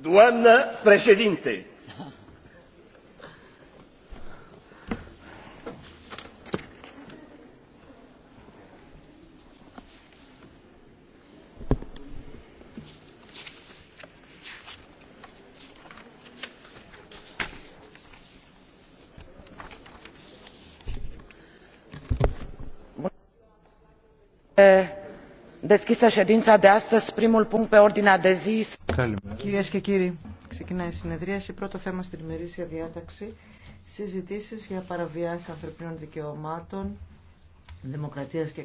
Doamnă președinte, deschisă ședința de astăzi. Primul punct pe ordinea de zi. Κυρίες και κύριοι, ξεκινάει η συνεδρίαση. Πρώτο θέμα στην ημερήσια διάταξη. Συζητήσεις για παραβιάσεις ανθρωπίνων δικαιωμάτων, δημοκρατίας και